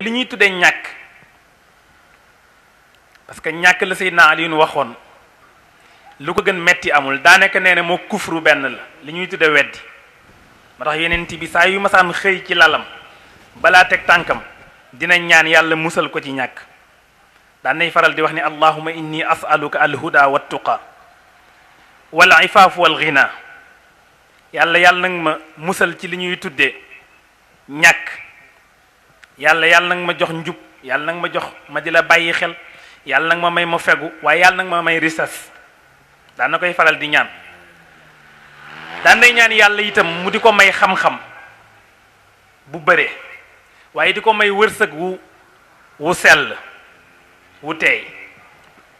li ñuy tuddee ñàkk parce que ñàkk la Seydina Aliyun waxoon lu ko gën metti amul daanaka nee na moo kufru benn la li ñuy tuddee weddi ma tax yeneenti bi saa yu masaan xëy ci lalam balaa teg tànkam dina ñaan yàlla musal ko ci ñàkk daan nay faral di wax ni allahuma inni asaluka alhuda wa tuqa wal ifaaf wal ghina yàlla yàlla nag ma musal ci li ñuy tuddee ñàkk yàlla yàlla nag ma jox njub yàlla nag ma jox ma di la bàyyi xel yàlla nag ma may ma fegu waaye yàlla nag ma may risas daan koy faral di ñaan daan ñaan yàlla itam mu di ko may xam-xam bu bëree waaye di ko may wërsëg wu wu sell wu teey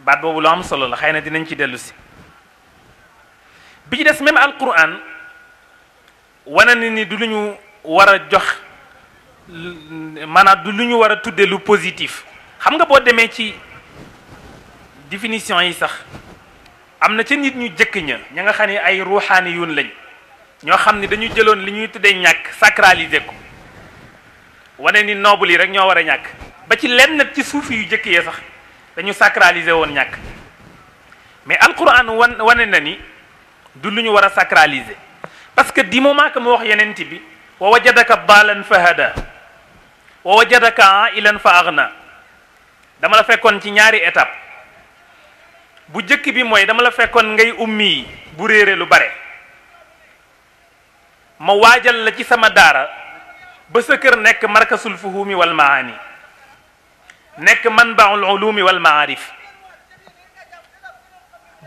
baat boobu lu am solo la xëy na dinañ ci dellu si bi ci des même alquran wana ni ni du lu ñu war a jox maanaam du lu ñu war a tuddee lu positif xam nga boo demee ci définition yi sax am na ca nit ñu jëkk ña ña nga xam ne ay ruuxaani yuun lañ ñoo xam ne dañu jëloon li ñuy tuddee ñàkk sacraliser ko wane ni noobu yi rek ñoo war a ñàkk ba ci lenn ci suuf yu jëkk yee sax dañu sacraliser woon ñàkk mais alquran wan wane na ni du lu ñu war a sacraliser parce que di moment que mu wax yenent bi wa wajadaka daalan fahada wa wajadaka ailan fa aghna dama la fekkoon ci ñaari étape bu jëkk bi mooy dama la fekkoon ngay ummi bu réere lu bare ma waajal la ci sama daara ba sa kër nekk markasul fuhumi wal maani nekk manbaul ulumi wal maarif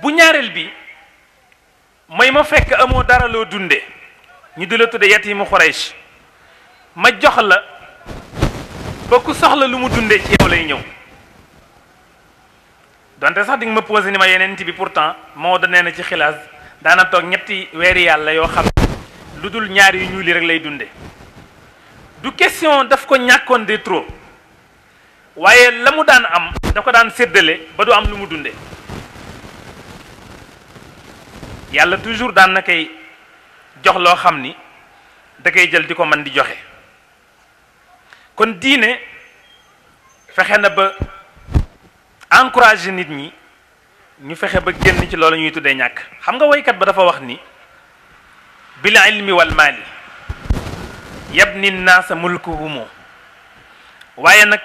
bu ñaareel bi mooy ma fekk amoo dara loo dunde ñu di la tudde yatimu Quraysh ma jox la ba ku soxla lu mu dundee ci yow lay ñëw donte sax di nga ma posé ni ma yeneen bi pourtant moo da nee na ci xilaas daana toog ñetti weeri yàlla yoo xam lu dul ñaar yu ñuul rek lay dunde du question daf ko ñàkkoon de trop waaye la mu daan am da ko daan séddale ba du am lu mu dunde yàlla toujours daan na koy jox loo xam ni da koy jël di ko mën di joxe kon diine fexe na ba encourager nit ñi ñu fexe ba génn ci loolu ñuy tuddé ñak xam nga way kat ba dafa wax ni bil ilmi wal mal yabni an-nas mulkuhum waye nak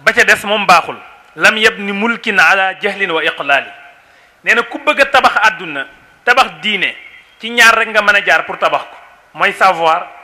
ba ca dess mom baxul lam yabni mulkin ala jahlin wa iqlal neena ku bëgg tabax aduna tabax diine ci ñaar rek nga mëna jaar pour tabax ko moy savoir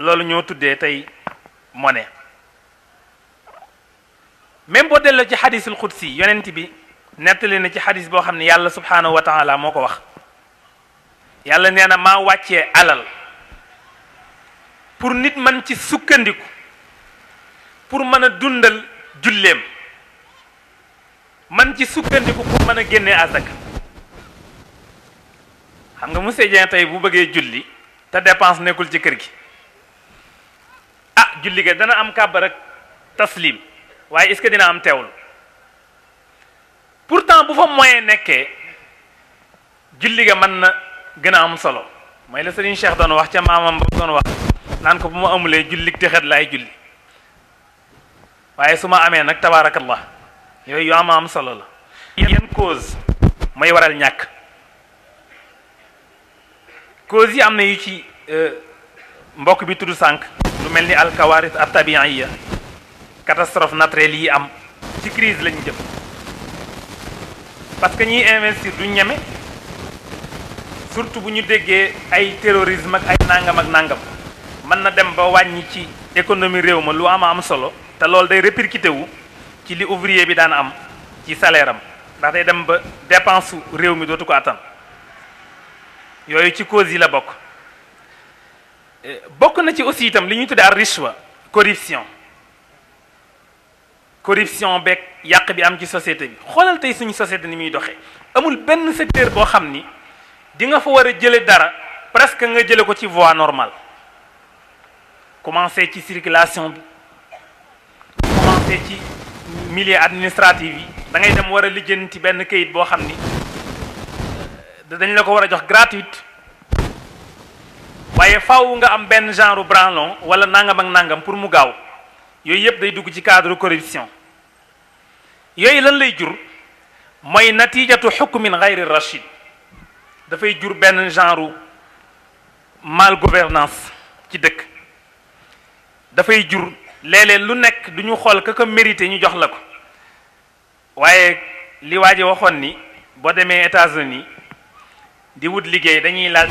loolu ñoo tuddee tey monnaie même boo delloo ci xadisul xudsi yonent bi nettali na ci xadis boo xam ne yàlla subhaanahu wa taala moo ko wax yàlla nee na maa wàccee alal pour nit man ci sukkandiku pour mën a dundal julleem man ci sukkandiku pour mën a génnee asaka xam nga monsieur Dieng tey bu bëggee julli te depanse nekkul ci kër gi ah julli ga dana am kàbbar ak taslim waaye est-ce que dina am teewlu pourtant bu fa moyen nekkee julli ga mën na gën a am solo mooy la Serigne Cheikh doon wax ca maamam ba doon wax naan ko bu mu amulee jullig texet laay julli waaye su ma amee nag tabaarakallah yooyu yu am am solo la yenn cause mooy waral ñàkk cause yi am na yu ci euh, mbokk bi tudd sànq lu mel ni alkawaaris at tabiiya catastrophe naturelle yi am ci crise lañu jëm parce que ñiy investir du ñeme surtout bu ñu déggee ay terrorisme ak ay nangam ak nangam mën na dem ba wàññi ci économie réew ma lu am am solo te loolu day répercuté wu ci li ouvrier bi daan am ci saleeram ndax day dem ba dépense su réew mi dootu ko attan yooyu ci cause yi la bokk bokk na ci aussi itam li ñuy tuddee ar rishwa corruption corruption beeg yàq bi am ci société bi xoolal tey suñu société ni muy doxee amul benn secteur bo xamni di nga fa wara a dara presque nga jële ko ci voie normale commencé ci circulation bi commencé ci milieu administratif yi da ngay dem wara a lijjanti kayit bo xamni ni dañ la ko wara jox gratuite waaye faw nga am benn genre branlon wala nangam ak nangam pour mu gaaw yooyu yëpp day dugg ci cadre corruption yooyu lan lay jur mooy natiijatu xukmin xayri rachid dafay jur benn genre mal gouvernance ci dëkk dafay jur léeg lu nekk du xool ka ko mérité ñu jox la ko waaye li waaje waxoon ni boo demee États-Unis di wut liggéey dañuy laal